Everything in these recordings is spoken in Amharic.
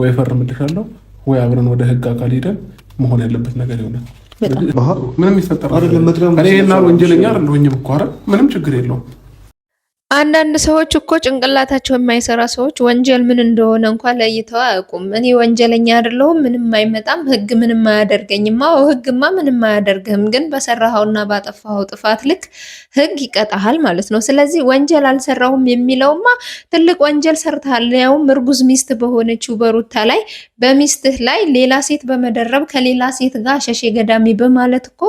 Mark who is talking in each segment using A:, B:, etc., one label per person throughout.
A: ወይ እፈርምልሻለሁ ወይ አብረን ወደ ህግ አካል ሄደን መሆን ያለበት ነገር ይሆናል። ምንም ይፈጠራል።
B: እኔ
A: ወንጀለኛ አይደለሁም እኮ ኧረ ምንም ችግር የለውም።
C: አንዳንድ ሰዎች እኮ ጭንቅላታቸው የማይሰራ ሰዎች ወንጀል ምን እንደሆነ እንኳን ለይተው አያውቁም። እኔ ወንጀለኛ አይደለሁም፣ ምንም አይመጣም፣ ህግ ምንም አያደርገኝማ፣ ህግማ ምንም አያደርግህም፣ ግን በሰራኸውና ባጠፋኸው ጥፋት ልክ ህግ ይቀጣሃል ማለት ነው። ስለዚህ ወንጀል አልሰራሁም የሚለውማ ትልቅ ወንጀል ሰርተሃል፣ ያውም እርጉዝ ሚስት በሆነችው በሩታ ላይ በሚስትህ ላይ ሌላ ሴት በመደረብ ከሌላ ሴት ጋር ሸሼ ገዳሚ በማለት እኮ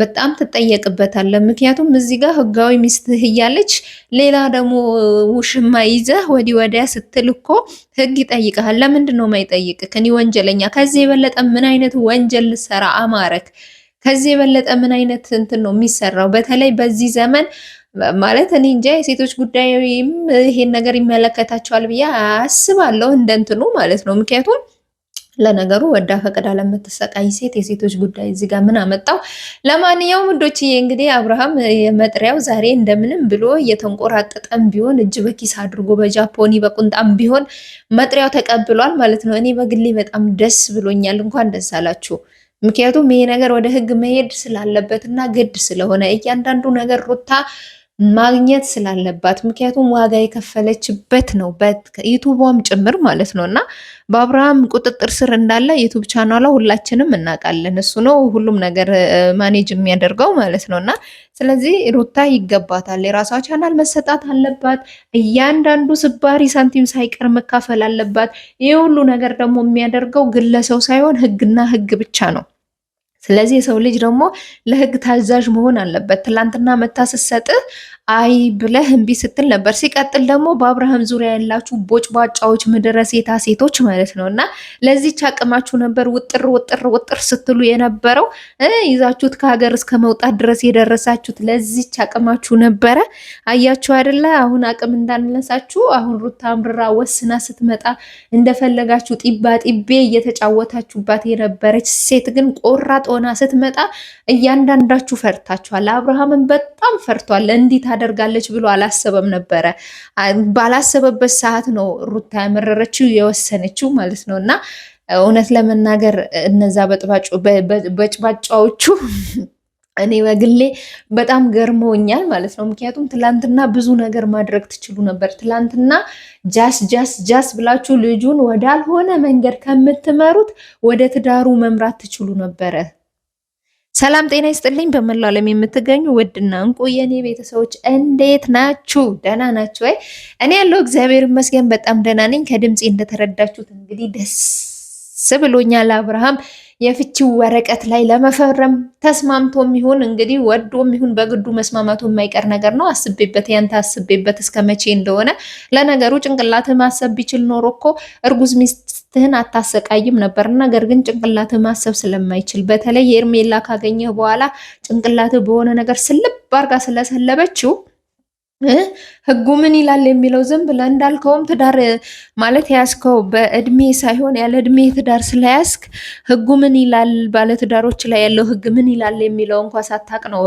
C: በጣም ትጠየቅበታለህ። ምክንያቱም እዚህ ጋር ህጋዊ ሚስትህ እያለች ሌላ ደግሞ ውሽማ ይዘህ ወዲህ ወዲያ ስትል እኮ ህግ ይጠይቅሃል። ለምንድን ነው የማይጠይቅህ? እኔ ወንጀለኛ ከዚህ የበለጠ ምን አይነት ወንጀል ልሰራ አማረክ? ከዚህ የበለጠ ምን አይነት እንትን ነው የሚሰራው? በተለይ በዚህ ዘመን ማለት እኔ እንጃ የሴቶች ጉዳይም ይሄን ነገር ይመለከታቸዋል ብዬ አስባለሁ፣ እንደንትኑ ማለት ነው ምክንያቱም ለነገሩ ወዳ ፈቅዳ ለምትሰቃይ ሴት የሴቶች ጉዳይ እዚህ ጋር ምን አመጣው? ለማንኛውም ውዶችዬ እንግዲህ አብርሃም የመጥሪያው ዛሬ እንደምንም ብሎ እየተንቆራጠጠም ቢሆን እጅ በኪስ አድርጎ በጃፖኒ በቁንጣም ቢሆን መጥሪያው ተቀብሏል ማለት ነው። እኔ በግሌ በጣም ደስ ብሎኛል። እንኳን ደስ አላችሁ። ምክንያቱም ይሄ ነገር ወደ ህግ መሄድ ስላለበት እና ግድ ስለሆነ እያንዳንዱ ነገር ሩታ ማግኘት ስላለባት ምክንያቱም ዋጋ የከፈለችበት ነው ዩቱቧም ጭምር ማለት ነው። እና በአብርሃም ቁጥጥር ስር እንዳለ ዩቱብ ቻናሏ ሁላችንም እናውቃለን። እሱ ነው ሁሉም ነገር ማኔጅ የሚያደርገው ማለት ነው። እና ስለዚህ ሩታ ይገባታል፣ የራሷ ቻናል መሰጣት አለባት። እያንዳንዱ ስባሪ ሳንቲም ሳይቀር መካፈል አለባት። ይህ ሁሉ ነገር ደግሞ የሚያደርገው ግለሰው ሳይሆን ህግና ህግ ብቻ ነው። ስለዚህ የሰው ልጅ ደግሞ ለህግ ታዛዥ መሆን አለበት። ትላንትና መታ ስትሰጥህ አይ ብለህ እምቢ ስትል ነበር። ሲቀጥል ደግሞ በአብርሃም ዙሪያ ያላችሁ ቦጭቧጫዎች ምድረ ሴታ ሴቶች ማለት ነው እና ለዚች አቅማችሁ ነበር ውጥር ውጥር ውጥር ስትሉ የነበረው ይዛችሁት ከሀገር እስከ መውጣት ድረስ የደረሳችሁት ለዚች አቅማችሁ ነበረ። አያችሁ አይደለ? አሁን አቅም እንዳነሳችሁ አሁን ሩታ አምርራ ወስና ስትመጣ እንደፈለጋችሁ ጢባ ጢቤ እየተጫወታችሁባት የነበረች ሴት ግን ቆራጥ ሆና ስትመጣ እያንዳንዳችሁ ፈርታችኋል። አብርሃምን በጣም ፈርቷል እንዲታ ታደርጋለች ብሎ አላሰበም ነበረ። ባላሰበበት ሰዓት ነው ሩታ ያመረረችው የወሰነችው ማለት ነው እና እውነት ለመናገር እነዛ በጭባጫዎቹ እኔ በግሌ በጣም ገርመውኛል ማለት ነው። ምክንያቱም ትላንትና ብዙ ነገር ማድረግ ትችሉ ነበር። ትላንትና ጃስ ጃስ ጃስ ብላችሁ ልጁን ወዳልሆነ መንገድ ከምትመሩት ወደ ትዳሩ መምራት ትችሉ ነበረ። ሰላም ጤና ይስጥልኝ። በመላው ዓለም የምትገኙ ውድና እንቁ የኔ ቤተሰቦች እንዴት ናችሁ? ደህና ናችሁ ወይ? እኔ ያለው እግዚአብሔር ይመስገን በጣም ደህና ነኝ። ከድምፄ እንደተረዳችሁት እንግዲህ ደስ ብሎኛል። አብርሃም የፍቺው ወረቀት ላይ ለመፈረም ተስማምቶም ይሁን እንግዲህ ወዶም ይሁን በግዱ መስማማቱ የማይቀር ነገር ነው። አስቤበት ያንተ አስቤበት እስከ መቼ እንደሆነ ለነገሩ ጭንቅላት ማሰብ ቢችል ኖሮ እኮ እርጉዝ ሚስትህን አታሰቃይም ነበር። ነገር ግን ጭንቅላት ማሰብ ስለማይችል በተለይ የእርሜላ ካገኘህ በኋላ ጭንቅላት በሆነ ነገር ስልብ አርጋ ስለሰለበችው ህጉ ምን ይላል የሚለው ዝም ብለህ እንዳልከውም ትዳር ማለት ያስከው በእድሜ ሳይሆን ያለ እድሜ ትዳር ስለያስክ ህጉ ምን ይላል፣ ባለትዳሮች ላይ ያለው ህግ ምን ይላል የሚለው እንኳ ሳታቅ ነው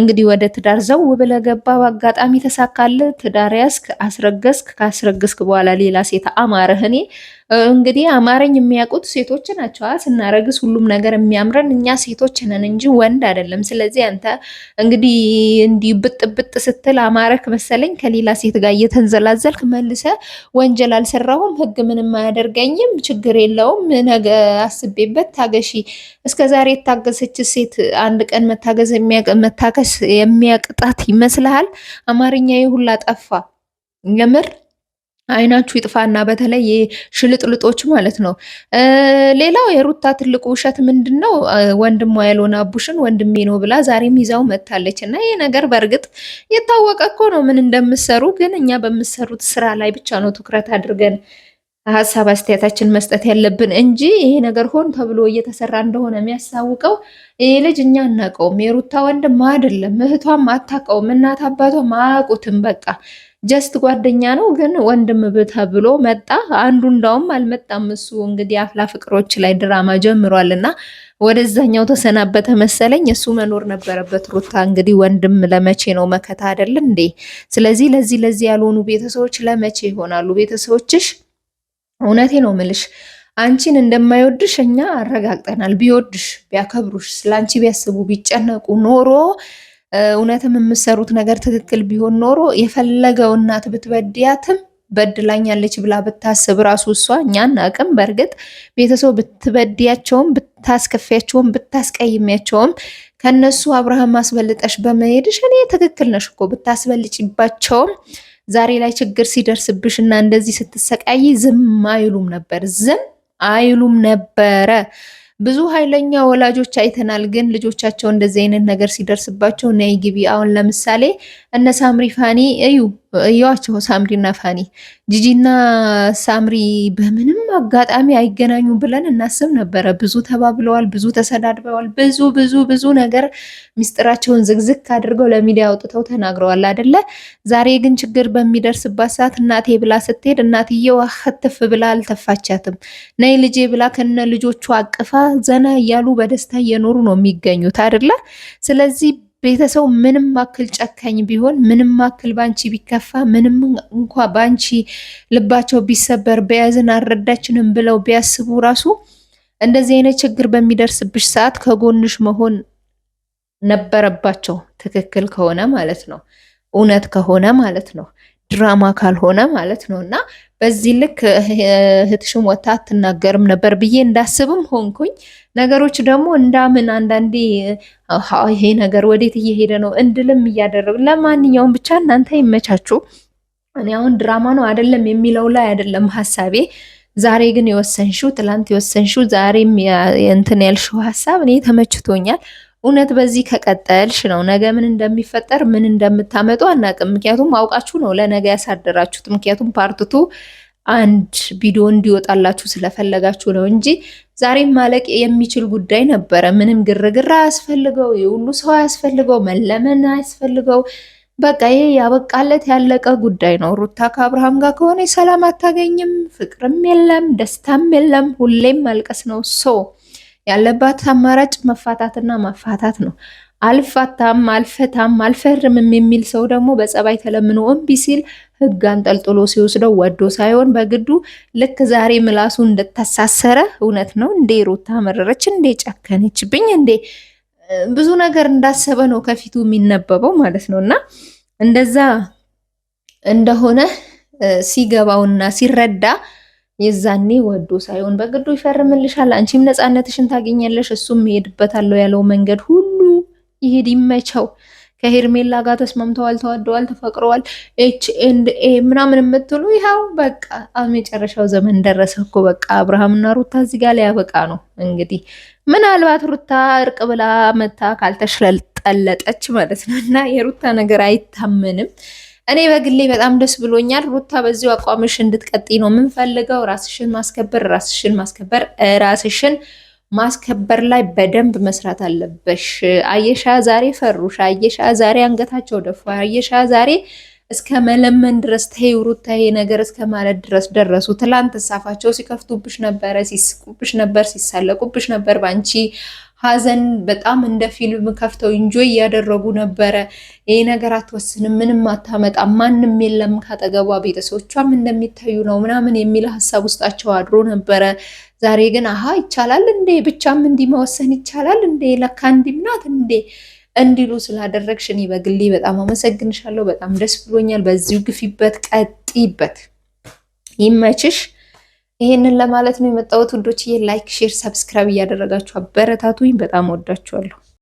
C: እንግዲህ ወደ ትዳር ዘው ብለህ ገባ። በአጋጣሚ ተሳካልህ፣ ትዳር ያስክ፣ አስረገዝክ። ካስረገዝክ በኋላ ሌላ ሴት አማረህ እኔ እንግዲህ አማረኝ የሚያውቁት ሴቶች ናቸው። ስናረግስ ሁሉም ነገር የሚያምረን እኛ ሴቶች ነን እንጂ ወንድ አይደለም። ስለዚህ አንተ እንግዲህ እንዲህ ብጥ ስትል አማረክ መሰለኝ ከሌላ ሴት ጋር እየተንዘላዘልክ መልሰ ወንጀል አልሰራሁም፣ ህግ ምንም አያደርገኝም፣ ችግር የለውም፣ ነገ አስቤበት ታገሺ። እስከ ዛሬ የታገሰች ሴት አንድ ቀን መታገዝ መታከስ የሚያቅጣት ይመስልሃል? አማርኛ ሁላ ጠፋ የምር አይናችሁ ይጥፋና በተለይ ሽልጥልጦች ማለት ነው። ሌላው የሩታ ትልቁ ውሸት ምንድን ነው? ወንድሟ ያልሆነ አቡሽን ወንድሜ ነው ብላ ዛሬም ይዛው መጥታለች። እና ይህ ነገር በእርግጥ የታወቀ እኮ ነው ምን እንደምሰሩ። ግን እኛ በምሰሩት ስራ ላይ ብቻ ነው ትኩረት አድርገን ሀሳብ አስተያየታችን መስጠት ያለብን እንጂ ይሄ ነገር ሆን ተብሎ እየተሰራ እንደሆነ የሚያሳውቀው ይህ ልጅ እኛ አናውቀውም። የሩታ ወንድም አይደለም፣ እህቷም አታውቀውም፣ እናት አባቷም አያውቁትም። በቃ ጀስት ጓደኛ ነው፣ ግን ወንድም ተብሎ መጣ። አንዱ እንዳውም አልመጣም። እሱ እንግዲህ አፍላ ፍቅሮች ላይ ድራማ ጀምሯል እና ወደዛኛው ተሰናበተ መሰለኝ። እሱ መኖር ነበረበት። ሩታ እንግዲህ ወንድም ለመቼ ነው መከታ አይደለም እንዴ? ስለዚህ ለዚህ ለዚህ ያልሆኑ ቤተሰቦች ለመቼ ይሆናሉ ቤተሰቦችሽ እውነቴ ነው ምልሽ አንቺን እንደማይወድሽ እኛ አረጋግጠናል። ቢወድሽ ቢያከብሩሽ፣ አንቺ ቢያስቡ ቢጨነቁ ኖሮ እውነትም የምሰሩት ነገር ትክክል ቢሆን ኖሮ የፈለገው እናት ብትበድያትም በድላኛለች ብላ ብታስብ ራሱ እሷ እኛን አቅም በእርግጥ ቤተሰብ ብትበድያቸውም ብታስከፊያቸውም ብታስቀይሚያቸውም ከነሱ አብርሃም አስበልጠሽ በመሄድሽ እኔ ትክክል ነሽ እኮ ብታስበልጭባቸውም ዛሬ ላይ ችግር ሲደርስብሽ እና እንደዚህ ስትሰቃይ ዝም አይሉም ነበር፣ ዝም አይሉም ነበረ። ብዙ ኃይለኛ ወላጆች አይተናል። ግን ልጆቻቸው እንደዚህ አይነት ነገር ሲደርስባቸው ነይ ግቢ። አሁን ለምሳሌ እነ ሳምሪ ፋኒ እዩ እያዋቸው ሳምሪና ፋኒ ጂጂና ሳምሪ በምንም አጋጣሚ አይገናኙም ብለን እናስብ ነበረ። ብዙ ተባብለዋል፣ ብዙ ተሰዳድበዋል፣ ብዙ ብዙ ብዙ ነገር ሚስጥራቸውን ዝግዝግ አድርገው ለሚዲያ አውጥተው ተናግረዋል አደለ? ዛሬ ግን ችግር በሚደርስባት ሰዓት እናቴ ብላ ስትሄድ እናትየው አኸትፍ ብላ አልተፋቻትም። ነይ ልጄ ብላ ከነ ልጆቹ አቅፋ ዘና እያሉ በደስታ እየኖሩ ነው የሚገኙት አደለ? ስለዚህ ቤተሰቡ ምንም አክል ጨካኝ ቢሆን ምንም አክል ባንቺ ቢከፋ ምንም እንኳ ባንቺ ልባቸው ቢሰበር በያዝን አረዳችንም ብለው ቢያስቡ ራሱ እንደዚህ አይነት ችግር በሚደርስብሽ ሰዓት ከጎንሽ መሆን ነበረባቸው። ትክክል ከሆነ ማለት ነው፣ እውነት ከሆነ ማለት ነው። ድራማ ካልሆነ ማለት ነው። እና በዚህ ልክ እህትሽም ወታ አትናገርም ነበር ብዬ እንዳስብም ሆንኩኝ። ነገሮች ደግሞ እንዳምን አንዳንዴ ይሄ ነገር ወዴት እየሄደ ነው እንድልም እያደረጉ ለማንኛውም ብቻ እናንተ ይመቻችሁ። እኔ አሁን ድራማ ነው አይደለም የሚለው ላይ አይደለም ሀሳቤ ዛሬ ግን የወሰንሽው ትላንት የወሰንሽው ዛሬም እንትን ያልሽው ሀሳብ እኔ ተመችቶኛል። እውነት በዚህ ከቀጠልሽ ነው ነገ ምን እንደሚፈጠር ምን እንደምታመጡ አናቅም። ምክንያቱም አውቃችሁ ነው ለነገ ያሳደራችሁት። ምክንያቱም ፓርትቱ አንድ ቪዲዮ እንዲወጣላችሁ ስለፈለጋችሁ ነው እንጂ ዛሬም ማለቅ የሚችል ጉዳይ ነበረ። ምንም ግርግር አያስፈልገው፣ የሁሉ ሰው አያስፈልገው፣ መለመን አያስፈልገው። በቃ ይሄ ያበቃለት ያለቀ ጉዳይ ነው። ሩታ ከአብርሃም ጋር ከሆነ ሰላም አታገኝም፣ ፍቅርም የለም፣ ደስታም የለም። ሁሌም ማልቀስ ነው ሶ ያለባት አማራጭ መፋታትና መፋታት ነው። አልፋታም፣ አልፈታም፣ አልፈርምም የሚል ሰው ደግሞ በጸባይ ተለምኖ እምቢ ሲል ህግ አንጠልጥሎ ሲወስደው ወዶ ሳይሆን በግዱ ልክ ዛሬ ምላሱ እንደተሳሰረ እውነት ነው እንዴ ሩታ መረረች እንዴ ጨከነችብኝ እንዴ ብዙ ነገር እንዳሰበ ነው ከፊቱ የሚነበበው ማለት ነው። እና እንደዛ እንደሆነ ሲገባውና ሲረዳ የዛኔ ወዶ ሳይሆን በግዱ ይፈርምልሻል። አንቺም ነፃነትሽን ታገኛለሽ። እሱም ሄድበታለሁ ያለው መንገድ ሁሉ ይሄድ ይመቸው። ከሄርሜላ ጋር ተስማምተዋል፣ ተዋደዋል፣ ተፈቅረዋል። ኤች ኤንድ ኤ ምናምን የምትሉ ይኸው በቃ መጨረሻው ዘመን ደረሰ እኮ በቃ አብርሃምና ሩታ እዚህ ጋር ሊያበቃ ነው እንግዲህ። ምናልባት ሩታ እርቅ ብላ መታ ካልተሽለጠለጠች ማለት ነው እና የሩታ ነገር አይታመንም። እኔ በግሌ በጣም ደስ ብሎኛል። ሩታ በዚሁ አቋምሽ እንድትቀጥይ ነው የምንፈልገው። ራስሽን ማስከበር ራስሽን ማስከበር ራስሽን ማስከበር ላይ በደንብ መስራት አለበሽ። አየሻ ዛሬ ፈሩሽ፣ አየሻ ዛሬ አንገታቸው ደፋ፣ አየሻ ዛሬ እስከ መለመን ድረስ ተይው ሩታ ይሄ ነገር እስከ ማለት ድረስ ደረሱ። ትላንት ሳፋቸው ሲከፍቱብሽ ነበረ፣ ሲስቁብሽ ነበር፣ ሲሳለቁብሽ ነበር ባንቺ ሀዘን በጣም እንደ ፊልም ከፍተው እንጆይ እያደረጉ ነበረ። ይህ ነገር አትወስንም፣ ምንም አታመጣ፣ ማንም የለም ካጠገቧ፣ ቤተሰቦቿም እንደሚታዩ ነው ምናምን የሚል ሀሳብ ውስጣቸው አድሮ ነበረ። ዛሬ ግን አሀ ይቻላል እንዴ ብቻም እንዲህ መወሰን ይቻላል እንዴ ለካ እንዲህ እንዴ እንዲሉ ስላደረግሽ እኔ በግሌ በጣም አመሰግንሻለሁ። በጣም ደስ ብሎኛል። በዚሁ ግፊበት፣ ቀጥይበት፣ ይመችሽ። ይሄንን ለማለት ነው የመጣሁት ውዶችዬ። ላይክ፣ ሼር፣ ሰብስክራይብ እያደረጋችሁ አበረታቱኝ። በጣም ወዳችኋለሁ።